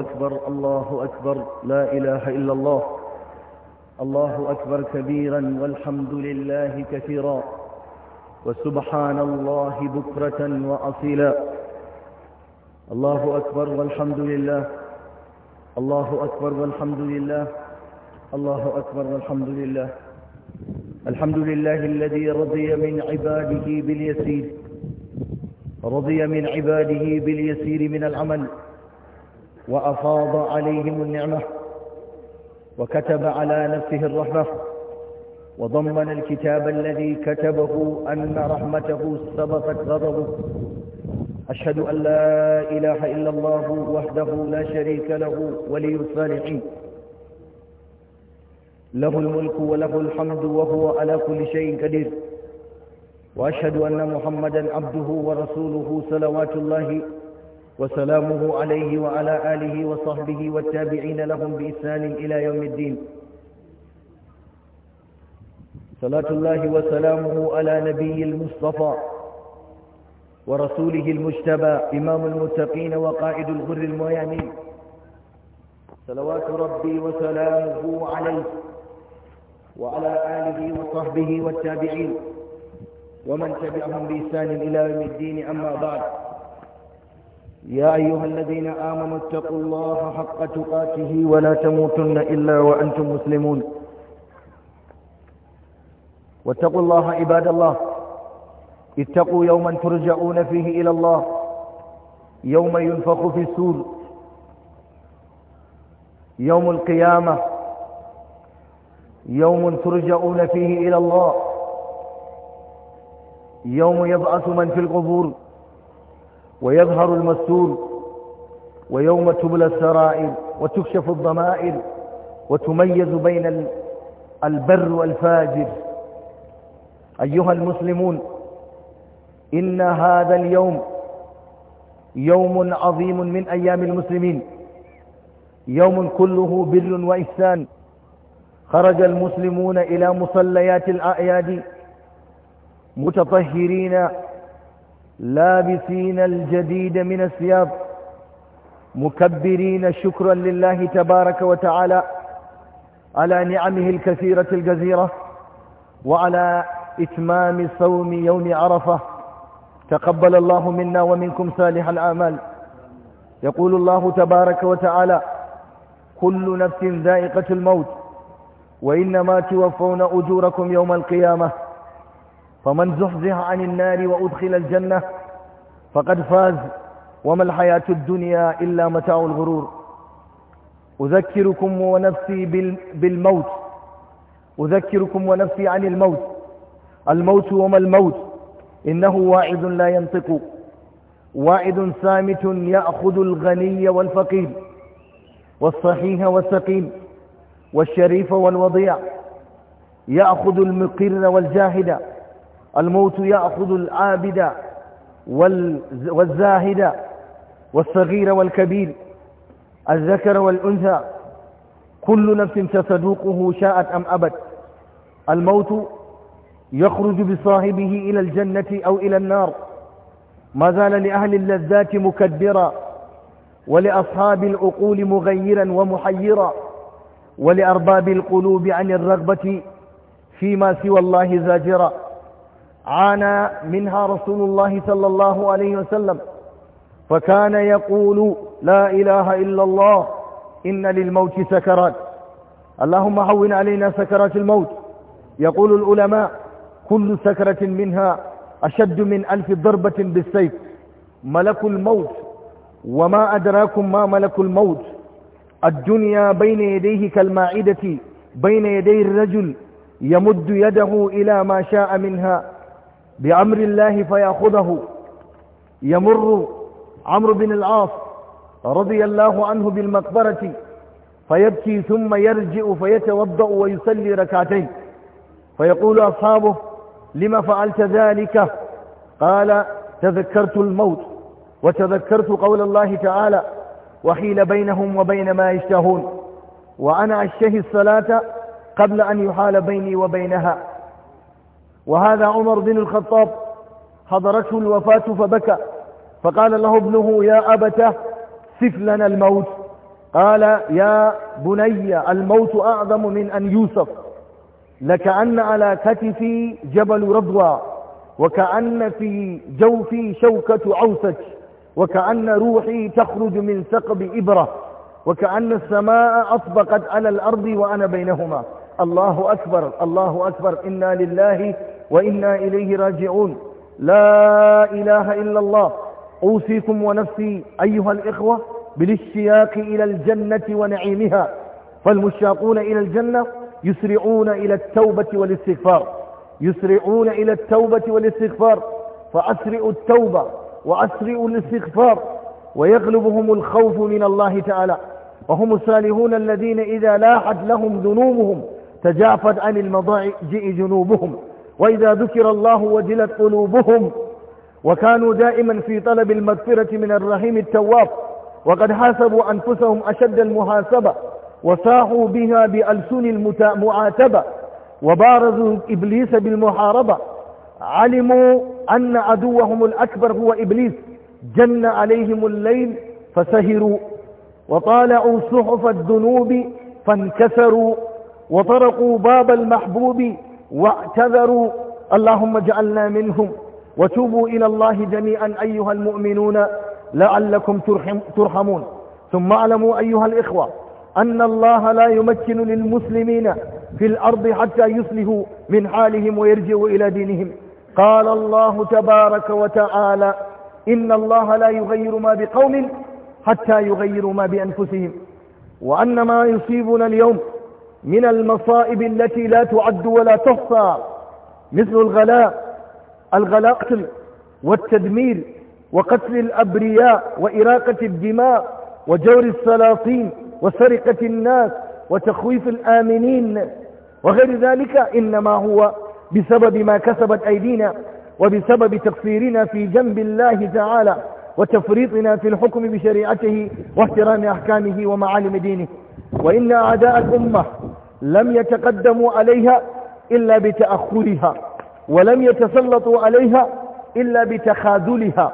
أكبر الله أكبر لا إله إلا الله الله أكبر كبيرا والحمد لله كثيرا وسبحان الله بكرة وأصيلا الله أكبر والحمد لله الله أكبر والحمد لله الله أكبر والحمد لله الحمد لله الذي رضي من عباده باليسير رضي من عباده باليسير من العمل وأفاض عليهم النعمة وكتب على نفسه الرحمة وضمن الكتاب الذي كتبه أن رحمته سبقت غضبه أشهد أن لا إله إلا الله وحده لا شريك له ولي الصالحين له الملك وله الحمد وهو على كل شيء قدير وأشهد أن محمدا عبده ورسوله صلوات الله وسلامه عليه وعلى آله وصحبه والتابعين لهم بإحسان إلى يوم الدين صلاة الله وسلامه على نبي المصطفى ورسوله المجتبى إمام المتقين وقائد الغر الميامين صلوات ربي وسلامه عليه وعلى آله وصحبه والتابعين ومن تبعهم بإحسان إلى يوم الدين أما بعد يا أيها الذين آمنوا اتقوا الله حق تقاته ولا تموتن إلا وأنتم مسلمون واتقوا الله عباد الله اتقوا يوما ترجعون فيه إلى الله يوم ينفخ في السور يوم القيامة يوم ترجعون فيه إلى الله يوم يبعث من في القبور ويظهر المستور ويوم تبلى السرائر وتكشف الضمائر وتميز بين البر والفاجر أيها المسلمون إن هذا اليوم يوم عظيم من أيام المسلمين يوم كله بر وإحسان خرج المسلمون إلى مصليات الأعياد متطهرين لابسين الجديد من الثياب مكبرين شكرا لله تبارك وتعالى على نعمه الكثيرة الجزيرة وعلى إتمام صوم يوم عرفة تقبل الله منا ومنكم صالح الأعمال يقول الله تبارك وتعالى كل نفس ذائقة الموت وإنما توفون أجوركم يوم القيامة فمن زحزح عن النار وأدخل الجنة فقد فاز وما الحياة الدنيا إلا متاع الغرور أذكركم ونفسي بالموت أذكركم ونفسي عن الموت الموت وما الموت إنه واعد لا ينطق واعد سامت يأخذ الغني والفقير والصحيح والسقيم والشريف والوضيع يأخذ المقر والجاهد الموت يأخذ العابد والزاهد والصغير والكبير الذكر والأنثى كل نفس ستذوقه شاءت أم أبت الموت يخرج بصاحبه إلى الجنة أو إلى النار ما زال لأهل اللذات مكدرا ولأصحاب العقول مغيرا ومحيرا ولأرباب القلوب عن الرغبة فيما سوى الله زاجرا عانى منها رسول الله صلى الله عليه وسلم فكان يقول لا إله إلا الله إن للموت سكرات اللهم هون علينا سكرات الموت يقول العلماء كل سكرة منها أشد من ألف ضربة بالسيف ملك الموت وما أدراكم ما ملك الموت الدنيا بين يديه كالمائدة بين يدي الرجل يمد يده إلى ما شاء منها بأمر الله فيأخذه يمر عمرو بن العاص رضي الله عنه بالمقبرة فيبكي ثم يرجع فيتوضأ ويصلي ركعتين فيقول أصحابه لما فعلت ذلك قال تذكرت الموت وتذكرت قول الله تعالى وحيل بينهم وبين ما يشتهون وأنا أشتهي الصلاة قبل أن يحال بيني وبينها وهذا عمر بن الخطاب حضرته الوفاة فبكى فقال له ابنه يا أبته سف لنا الموت قال يا بني الموت أعظم من أن يوسف لكأن على كتفي جبل رضوى وكأن في جوفي شوكة عوسج وكأن روحي تخرج من ثقب إبرة وكأن السماء أطبقت على الأرض وأنا بينهما الله أكبر الله أكبر إنا لله وإنا إليه راجعون لا إله إلا الله أوصيكم ونفسي أيها الإخوة بالاشتياق إلى الجنة ونعيمها فالمشاقون إلى الجنة يسرعون إلى التوبة والاستغفار يسرعون إلى التوبة والاستغفار فأسرعوا التوبة وأسرعوا الاستغفار ويغلبهم الخوف من الله تعالى وهم السالهون الذين إذا لاحت لهم ذنوبهم تجافت عن المضاجئ جنوبهم وإذا ذكر الله وجلت قلوبهم وكانوا دائما في طلب المغفرة من الرحيم التواب وقد حاسبوا أنفسهم أشد المحاسبة وساحوا بها بألسن المعاتبة وبارزوا إبليس بالمحاربة علموا أن عدوهم الأكبر هو إبليس جن عليهم الليل فسهروا وطالعوا صحف الذنوب فانكسروا وطرقوا باب المحبوب واعتذروا اللهم اجعلنا منهم وتوبوا إلى الله جميعا أيها المؤمنون لعلكم ترحم ترحمون ثم اعلموا أيها الإخوة أن الله لا يمكن للمسلمين في الأرض حتى يصلحوا من حالهم ويرجعوا إلى دينهم قال الله تبارك وتعالى إن الله لا يغير ما بقوم حتى يغيروا ما بأنفسهم وأن ما يصيبنا اليوم من المصائب التي لا تعد ولا تحصى مثل الغلاء الغلاء قتل والتدمير وقتل الأبرياء وإراقة الدماء وجور السلاطين وسرقة الناس وتخويف الآمنين وغير ذلك إنما هو بسبب ما كسبت أيدينا وبسبب تقصيرنا في جنب الله تعالى وتفريطنا في الحكم بشريعته واحترام أحكامه ومعالم دينه وإن أعداء الأمة لم يتقدموا عليها إلا بتأخرها ولم يتسلطوا عليها إلا بتخاذلها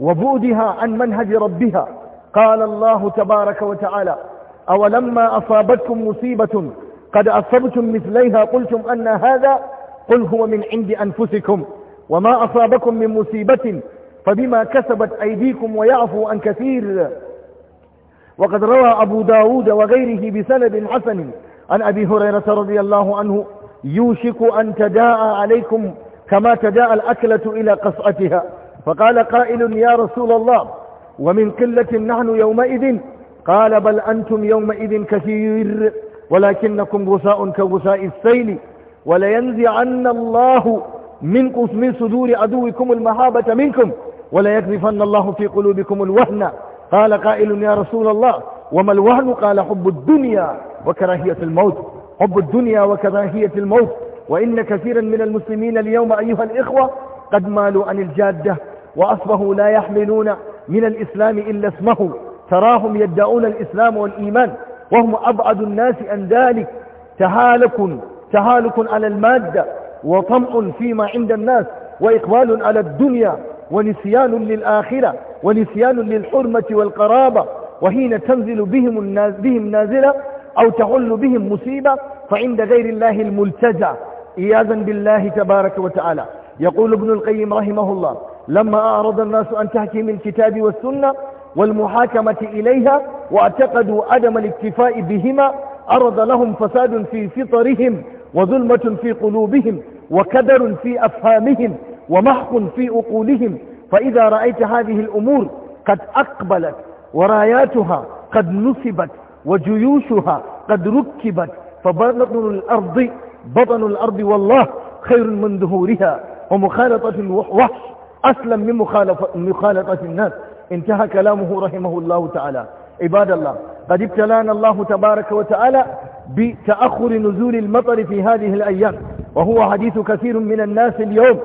وبعدها عن منهج ربها قال الله تبارك وتعالى أولما أصابتكم مصيبة قد أصبتم مثليها قلتم أن هذا قل هو من عند أنفسكم وما أصابكم من مصيبة فبما كسبت أيديكم ويعفو عن كثير وقد روى أبو داود وغيره بسند حسن عن أبي هريرة رضي الله عنه يوشك أن تداء عليكم كما تداء الأكلة إلى قصعتها فقال قائل يا رسول الله ومن قلة نحن يومئذ قال بل أنتم يومئذ كثير ولكنكم غساء كغساء السيل ولينزعن الله من من صدور عدوكم المهابة منكم وليكذفن الله في قلوبكم الوهن قال قائل يا رسول الله وما الوهن قال حب الدنيا وكراهية الموت حب الدنيا وكراهية الموت وإن كثيرا من المسلمين اليوم أيها الإخوة قد مالوا عن الجادة وأصبحوا لا يحملون من الإسلام إلا اسمه تراهم يدعون الإسلام والإيمان وهم أبعد الناس عن ذلك تهالك تهالك على المادة وطمع فيما عند الناس وإقبال على الدنيا ونسيان للآخرة ونسيان للحرمة والقرابة وحين تنزل بهم, الناز بهم نازلة أو تغل بهم مصيبة فعند غير الله الملتجى إياذا بالله تبارك وتعالى يقول ابن القيم رحمه الله لما أعرض الناس أن من الكتاب والسنة والمحاكمة إليها واعتقدوا عدم الاكتفاء بهما عرض لهم فساد في فطرهم وظلمة في قلوبهم وكدر في أفهامهم ومحق في أقولهم فإذا رأيت هذه الأمور قد أقبلت وراياتها قد نصبت وجيوشها قد ركبت فبطن الأرض بطن الأرض والله خير من ظهورها ومخالطة الوحش أسلم من مخالطة الناس انتهى كلامه رحمه الله تعالى عباد الله قد ابتلانا الله تبارك وتعالى بتأخر نزول المطر في هذه الأيام وهو حديث كثير من الناس اليوم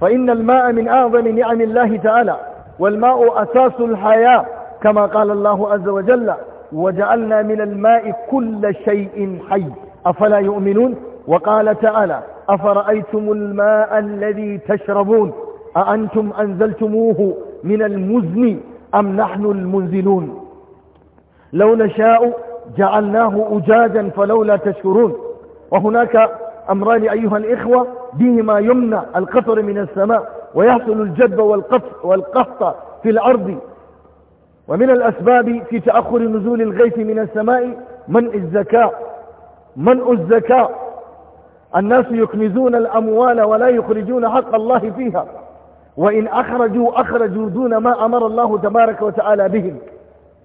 فإن الماء من أعظم نعم الله تعالى والماء أساس الحياة كما قال الله عز وجل وجعلنا من الماء كل شيء حي أفلا يؤمنون وقال تعالى أفرأيتم الماء الذي تشربون أأنتم أنزلتموه من المزن أم نحن المنزلون لو نشاء جعلناه أجاجا فلولا تشكرون وهناك أمران أيها الإخوة بهما يمنع القطر من السماء ويحصل الجد والقطع في الأرض ومن الأسباب في تأخر نزول الغيث من السماء منع الزكاة منع الزكاة الناس يكنزون الأموال ولا يخرجون حق الله فيها وإن أخرجوا أخرجوا دون ما أمر الله تبارك وتعالى بهم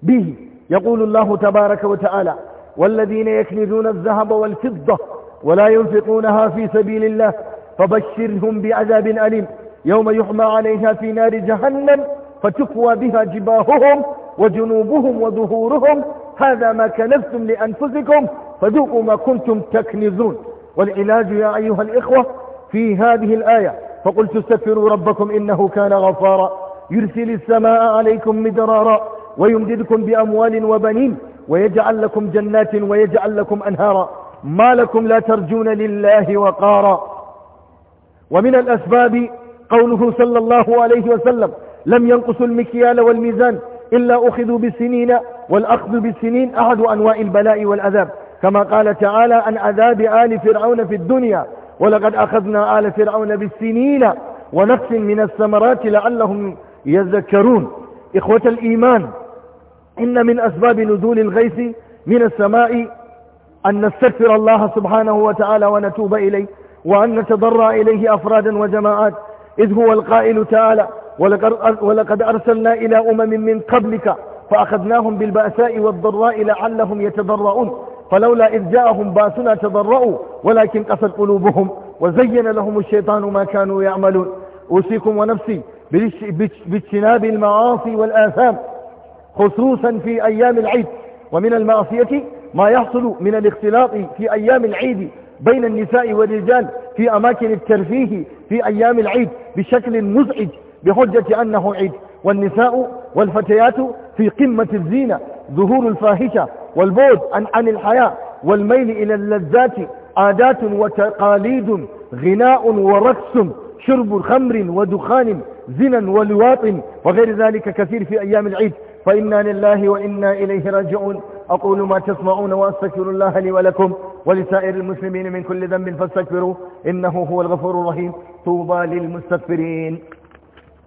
به يقول الله تبارك وتعالى والذين يكنزون الذهب والفضة ولا ينفقونها في سبيل الله فبشرهم بعذاب أليم يوم يحمى عليها في نار جهنم فتكوى بها جباههم وجنوبهم وظهورهم هذا ما كنزتم لأنفسكم فذوقوا ما كنتم تكنزون والعلاج يا أيها الإخوة في هذه الآية فقلت استغفروا ربكم إنه كان غفارا يرسل السماء عليكم مدرارا ويمددكم بأموال وبنين ويجعل لكم جنات ويجعل لكم أنهارا ما لكم لا ترجون لله وقارا ومن الأسباب قوله صلى الله عليه وسلم لم ينقصوا المكيال والميزان إلا أخذوا بالسنين والأخذ بالسنين أحد أنواع البلاء والعذاب كما قال تعالى عن عذاب آل فرعون في الدنيا ولقد أخذنا آل فرعون بالسنين ونقص من الثمرات لعلهم يذكرون إخوة الإيمان إن من أسباب نزول الغيث من السماء أن نستغفر الله سبحانه وتعالى ونتوب إليه وأن نتضرع إليه أفرادا وجماعات إذ هو القائل تعالى ولقد أرسلنا إلى أمم من قبلك فأخذناهم بالبأساء والضراء لعلهم يتضرؤون فلولا إذ جاءهم باسنا تضرؤوا ولكن قست قلوبهم وزين لهم الشيطان ما كانوا يعملون أوصيكم ونفسي باجتناب المعاصي والآثام خصوصا في أيام العيد ومن المعصية ما يحصل من الاختلاط في أيام العيد بين النساء والرجال في أماكن الترفيه في أيام العيد بشكل مزعج بحجة أنه عيد والنساء والفتيات في قمة الزينة ظهور الفاحشة والبعد عن, عن الحياة والميل إلى اللذات عادات وتقاليد غناء ورقص شرب خمر ودخان زنا ولواط وغير ذلك كثير في أيام العيد فإنا لله وإنا إليه راجعون أقول ما تسمعون وأستغفر الله لي ولكم ولسائر المسلمين من كل ذنب فاستكبروا إنه هو الغفور الرحيم طوبى للمستغفرين